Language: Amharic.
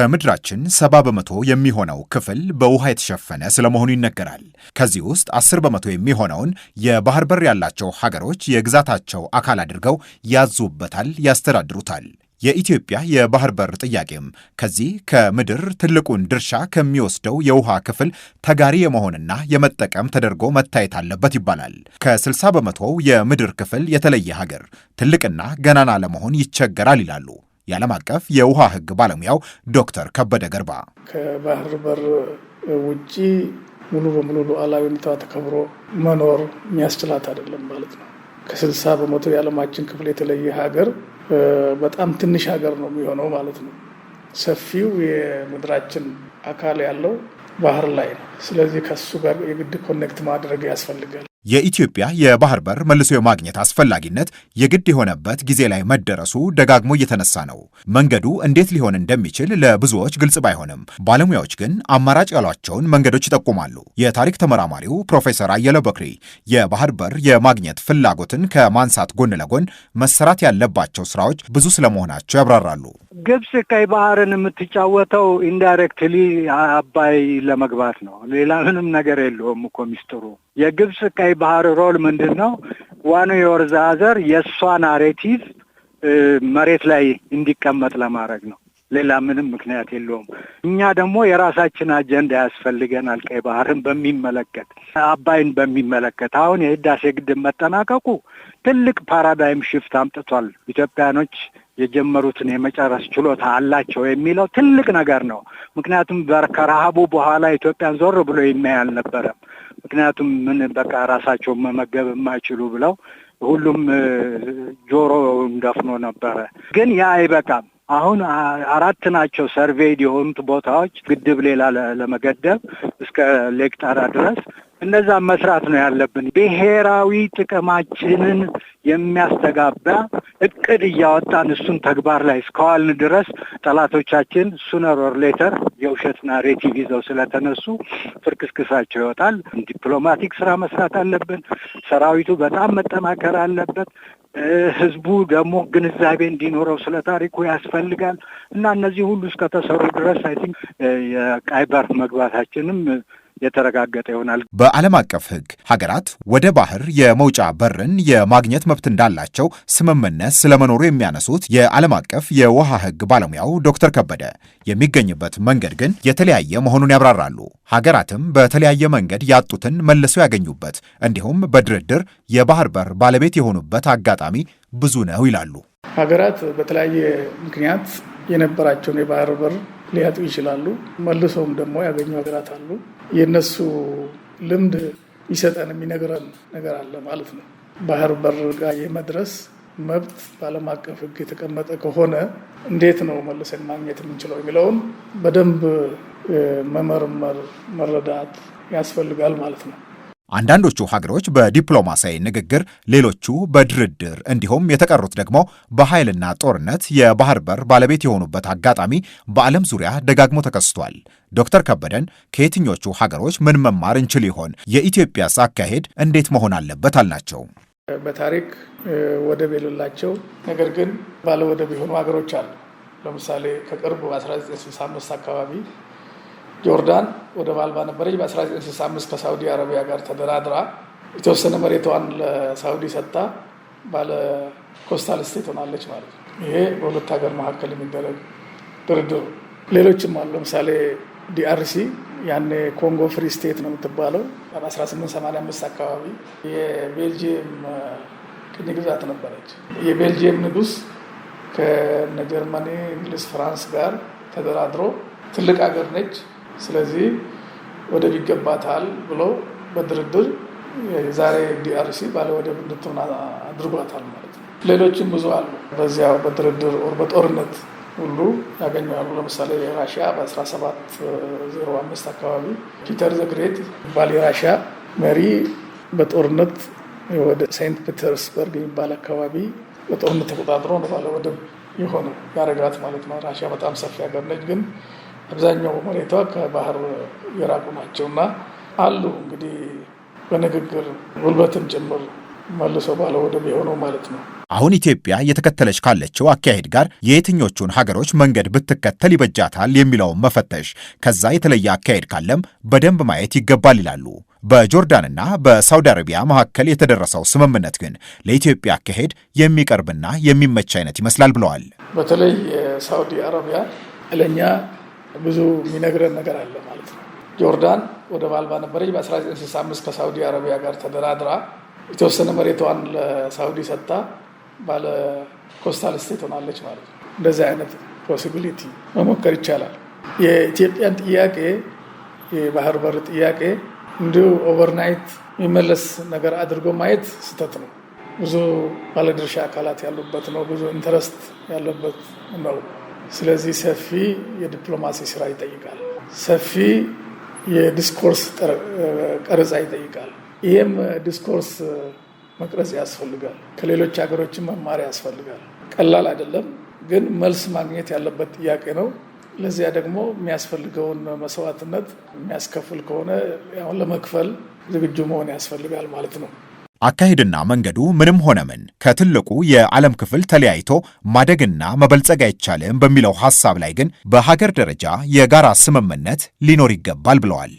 ከምድራችን 70 በመቶ የሚሆነው ክፍል በውሃ የተሸፈነ ስለመሆኑ ይነገራል። ከዚህ ውስጥ 10 በመቶ የሚሆነውን የባህር በር ያላቸው ሀገሮች የግዛታቸው አካል አድርገው ያዙበታል፣ ያስተዳድሩታል። የኢትዮጵያ የባህር በር ጥያቄም ከዚህ ከምድር ትልቁን ድርሻ ከሚወስደው የውሃ ክፍል ተጋሪ የመሆንና የመጠቀም ተደርጎ መታየት አለበት ይባላል። ከ60 በመቶው የምድር ክፍል የተለየ ሀገር ትልቅና ገናና ለመሆን ይቸገራል ይላሉ። የዓለም አቀፍ የውሃ ሕግ ባለሙያው ዶክተር ከበደ ገርባ ከባህር በር ውጪ ሙሉ በሙሉ ሉዓላዊነቷ ተከብሮ መኖር የሚያስችላት አይደለም ማለት ነው። ከስልሳ በመቶ የዓለማችን ክፍል የተለየ ሀገር በጣም ትንሽ ሀገር ነው የሚሆነው ማለት ነው። ሰፊው የምድራችን አካል ያለው ባህር ላይ ነው። ስለዚህ ከሱ ጋር የግድ ኮኔክት ማድረግ ያስፈልጋል። የኢትዮጵያ የባህር በር መልሶ የማግኘት አስፈላጊነት የግድ የሆነበት ጊዜ ላይ መደረሱ ደጋግሞ እየተነሳ ነው። መንገዱ እንዴት ሊሆን እንደሚችል ለብዙዎች ግልጽ ባይሆንም ባለሙያዎች ግን አማራጭ ያሏቸውን መንገዶች ይጠቁማሉ። የታሪክ ተመራማሪው ፕሮፌሰር አየለ በክሪ የባህር በር የማግኘት ፍላጎትን ከማንሳት ጎን ለጎን መሰራት ያለባቸው ስራዎች ብዙ ስለመሆናቸው ያብራራሉ። ግብጽ ቀይ ባህርን የምትጫወተው ኢንዳይሬክትሊ አባይ ለመግባት ነው። ሌላ ምንም ነገር የለውም እኮ ሚስጥሩ የግብፅ ቀይ ባህር ሮል ምንድን ነው? ዋኑ የወርዛ ሀዘር የእሷ ናሬቲቭ መሬት ላይ እንዲቀመጥ ለማድረግ ነው። ሌላ ምንም ምክንያት የለውም። እኛ ደግሞ የራሳችን አጀንዳ ያስፈልገናል። ቀይ ባህርን በሚመለከት አባይን በሚመለከት አሁን የህዳሴ ግድብ መጠናቀቁ ትልቅ ፓራዳይም ሽፍት አምጥቷል። ኢትዮጵያኖች የጀመሩትን የመጨረስ ችሎታ አላቸው የሚለው ትልቅ ነገር ነው። ምክንያቱም ከረሃቡ በኋላ ኢትዮጵያን ዞር ብሎ የሚያይ አልነበረም። ምክንያቱም ምን በቃ ራሳቸውን መመገብ የማይችሉ ብለው ሁሉም ጆሮውን ደፍኖ ነበረ። ግን ያ አይበቃም። አሁን አራት ናቸው ሰርቬይድ የሆኑት ቦታዎች ግድብ ሌላ ለመገደብ እስከ ሌክ ጣራ ድረስ እነዛ መስራት ነው ያለብን። ብሔራዊ ጥቅማችንን የሚያስተጋባ እቅድ እያወጣን እሱን ተግባር ላይ እስከዋልን ድረስ ጠላቶቻችን ሱነር ኦር ሌተር የውሸት ናሬቲቭ ይዘው ስለተነሱ ፍርክስክሳቸው ይወጣል። ዲፕሎማቲክ ስራ መስራት አለብን። ሰራዊቱ በጣም መጠናከር አለበት። ህዝቡ ደግሞ ግንዛቤ እንዲኖረው ስለ ታሪኩ ያስፈልጋል እና እነዚህ ሁሉ እስከተሰሩ ድረስ አይ ቲንክ የቃይ መግባታችንም የተረጋገጠ ይሆናል። በዓለም አቀፍ ሕግ ሀገራት ወደ ባህር የመውጫ በርን የማግኘት መብት እንዳላቸው ስምምነት ስለመኖሩ የሚያነሱት የዓለም አቀፍ የውሃ ሕግ ባለሙያው ዶክተር ከበደ የሚገኝበት መንገድ ግን የተለያየ መሆኑን ያብራራሉ። ሀገራትም በተለያየ መንገድ ያጡትን መልሰው ያገኙበት እንዲሁም በድርድር የባህር በር ባለቤት የሆኑበት አጋጣሚ ብዙ ነው ይላሉ። ሀገራት በተለያየ ምክንያት የነበራቸውን የባህር በር ሊያጡ ይችላሉ። መልሰውም ደግሞ ያገኙ ሀገራት አሉ። የእነሱ ልምድ ይሰጠን የሚነግረን ነገር አለ ማለት ነው። ባህር በር ጋር የመድረስ መብት በዓለም አቀፍ ሕግ የተቀመጠ ከሆነ እንዴት ነው መልሰን ማግኘት የምንችለው የሚለውን በደንብ መመርመር መረዳት ያስፈልጋል ማለት ነው። አንዳንዶቹ ሀገሮች በዲፕሎማሲያዊ ንግግር፣ ሌሎቹ በድርድር እንዲሁም የተቀሩት ደግሞ በኃይልና ጦርነት የባህር በር ባለቤት የሆኑበት አጋጣሚ በዓለም ዙሪያ ደጋግሞ ተከስቷል። ዶክተር ከበደን ከየትኞቹ ሀገሮች ምን መማር እንችል ይሆን? የኢትዮጵያስ አካሄድ እንዴት መሆን አለበት? አልናቸው። በታሪክ ወደብ የሌላቸው ነገር ግን ባለወደብ የሆኑ ሀገሮች አሉ። ለምሳሌ ከቅርብ 1965 አካባቢ ጆርዳን ወደ ባልባ ነበረች። በ1965 ከሳውዲ አረቢያ ጋር ተደራድራ የተወሰነ መሬቷን ለሳውዲ ሰጥታ ባለ ኮስታል ስቴት ሆናለች ማለት ነው። ይሄ በሁለት ሀገር መካከል የሚደረግ ድርድር ሌሎችም አሉ። ለምሳሌ ዲአርሲ ያኔ ኮንጎ ፍሪ ስቴት ነው የምትባለው። በ1885 አካባቢ የቤልጅየም ቅኝ ግዛት ነበረች። የቤልጅየም ንጉስ ከነ ጀርመኒ፣ እንግሊዝ፣ ፍራንስ ጋር ተደራድሮ ትልቅ ሀገር ነች ስለዚህ ወደብ ይገባታል ብሎ በድርድር የዛሬ ዲአርሲ ባለወደብ እንድትሆን አድርጓታል ማለት ነው። ሌሎችም ብዙ አሉ። በዚያ በድርድር ወር በጦርነት ሁሉ ያገኛሉ። ለምሳሌ ራሽያ በ1705 አካባቢ ፒተር ዘግሬት ባል የራሽያ መሪ በጦርነት ወደ ሴንት ፒተርስበርግ የሚባል አካባቢ በጦርነት ተቆጣጥሮ ባለወደብ የሆነ ያረጋት ማለት ነው። ራሽያ በጣም ሰፊ ሀገር ነች ግን አብዛኛው ሁኔታ ከባህር የራቁ ናቸውና አሉ እንግዲህ በንግግር ጉልበትን ጭምር መልሶ ባለ የሆነው ማለት ነው። አሁን ኢትዮጵያ እየተከተለች ካለችው አካሄድ ጋር የየትኞቹን ሀገሮች መንገድ ብትከተል ይበጃታል የሚለውን መፈተሽ፣ ከዛ የተለየ አካሄድ ካለም በደንብ ማየት ይገባል ይላሉ። በጆርዳንና በሳውዲ አረቢያ መካከል የተደረሰው ስምምነት ግን ለኢትዮጵያ አካሄድ የሚቀርብና የሚመች አይነት ይመስላል ብለዋል። በተለይ የሳውዲ አረቢያ ለእኛ ብዙ የሚነግረን ነገር አለ ማለት ነው። ጆርዳን ወደ ባልባ ነበረች። በ1965 ከሳውዲ አረቢያ ጋር ተደራድራ የተወሰነ መሬቷን ለሳውዲ ሰጥታ ባለ ኮስታል ስቴት ሆናለች ማለት ነው። እንደዚህ አይነት ፖሲቢሊቲ መሞከር ይቻላል። የኢትዮጵያን ጥያቄ የባህር በር ጥያቄ እንዲሁ ኦቨርናይት የሚመለስ ነገር አድርጎ ማየት ስህተት ነው። ብዙ ባለድርሻ አካላት ያሉበት ነው። ብዙ ኢንተረስት ያለበት ነው። ስለዚህ ሰፊ የዲፕሎማሲ ስራ ይጠይቃል። ሰፊ የዲስኮርስ ቀረጻ ይጠይቃል። ይህም ዲስኮርስ መቅረጽ ያስፈልጋል። ከሌሎች ሀገሮችን መማር ያስፈልጋል። ቀላል አይደለም፣ ግን መልስ ማግኘት ያለበት ጥያቄ ነው። ለዚያ ደግሞ የሚያስፈልገውን መስዋዕትነት የሚያስከፍል ከሆነ ለመክፈል ዝግጁ መሆን ያስፈልጋል ማለት ነው። አካሄድና መንገዱ ምንም ሆነ ምን ከትልቁ የዓለም ክፍል ተለያይቶ ማደግና መበልጸግ አይቻልም በሚለው ሐሳብ ላይ ግን በሀገር ደረጃ የጋራ ስምምነት ሊኖር ይገባል ብለዋል።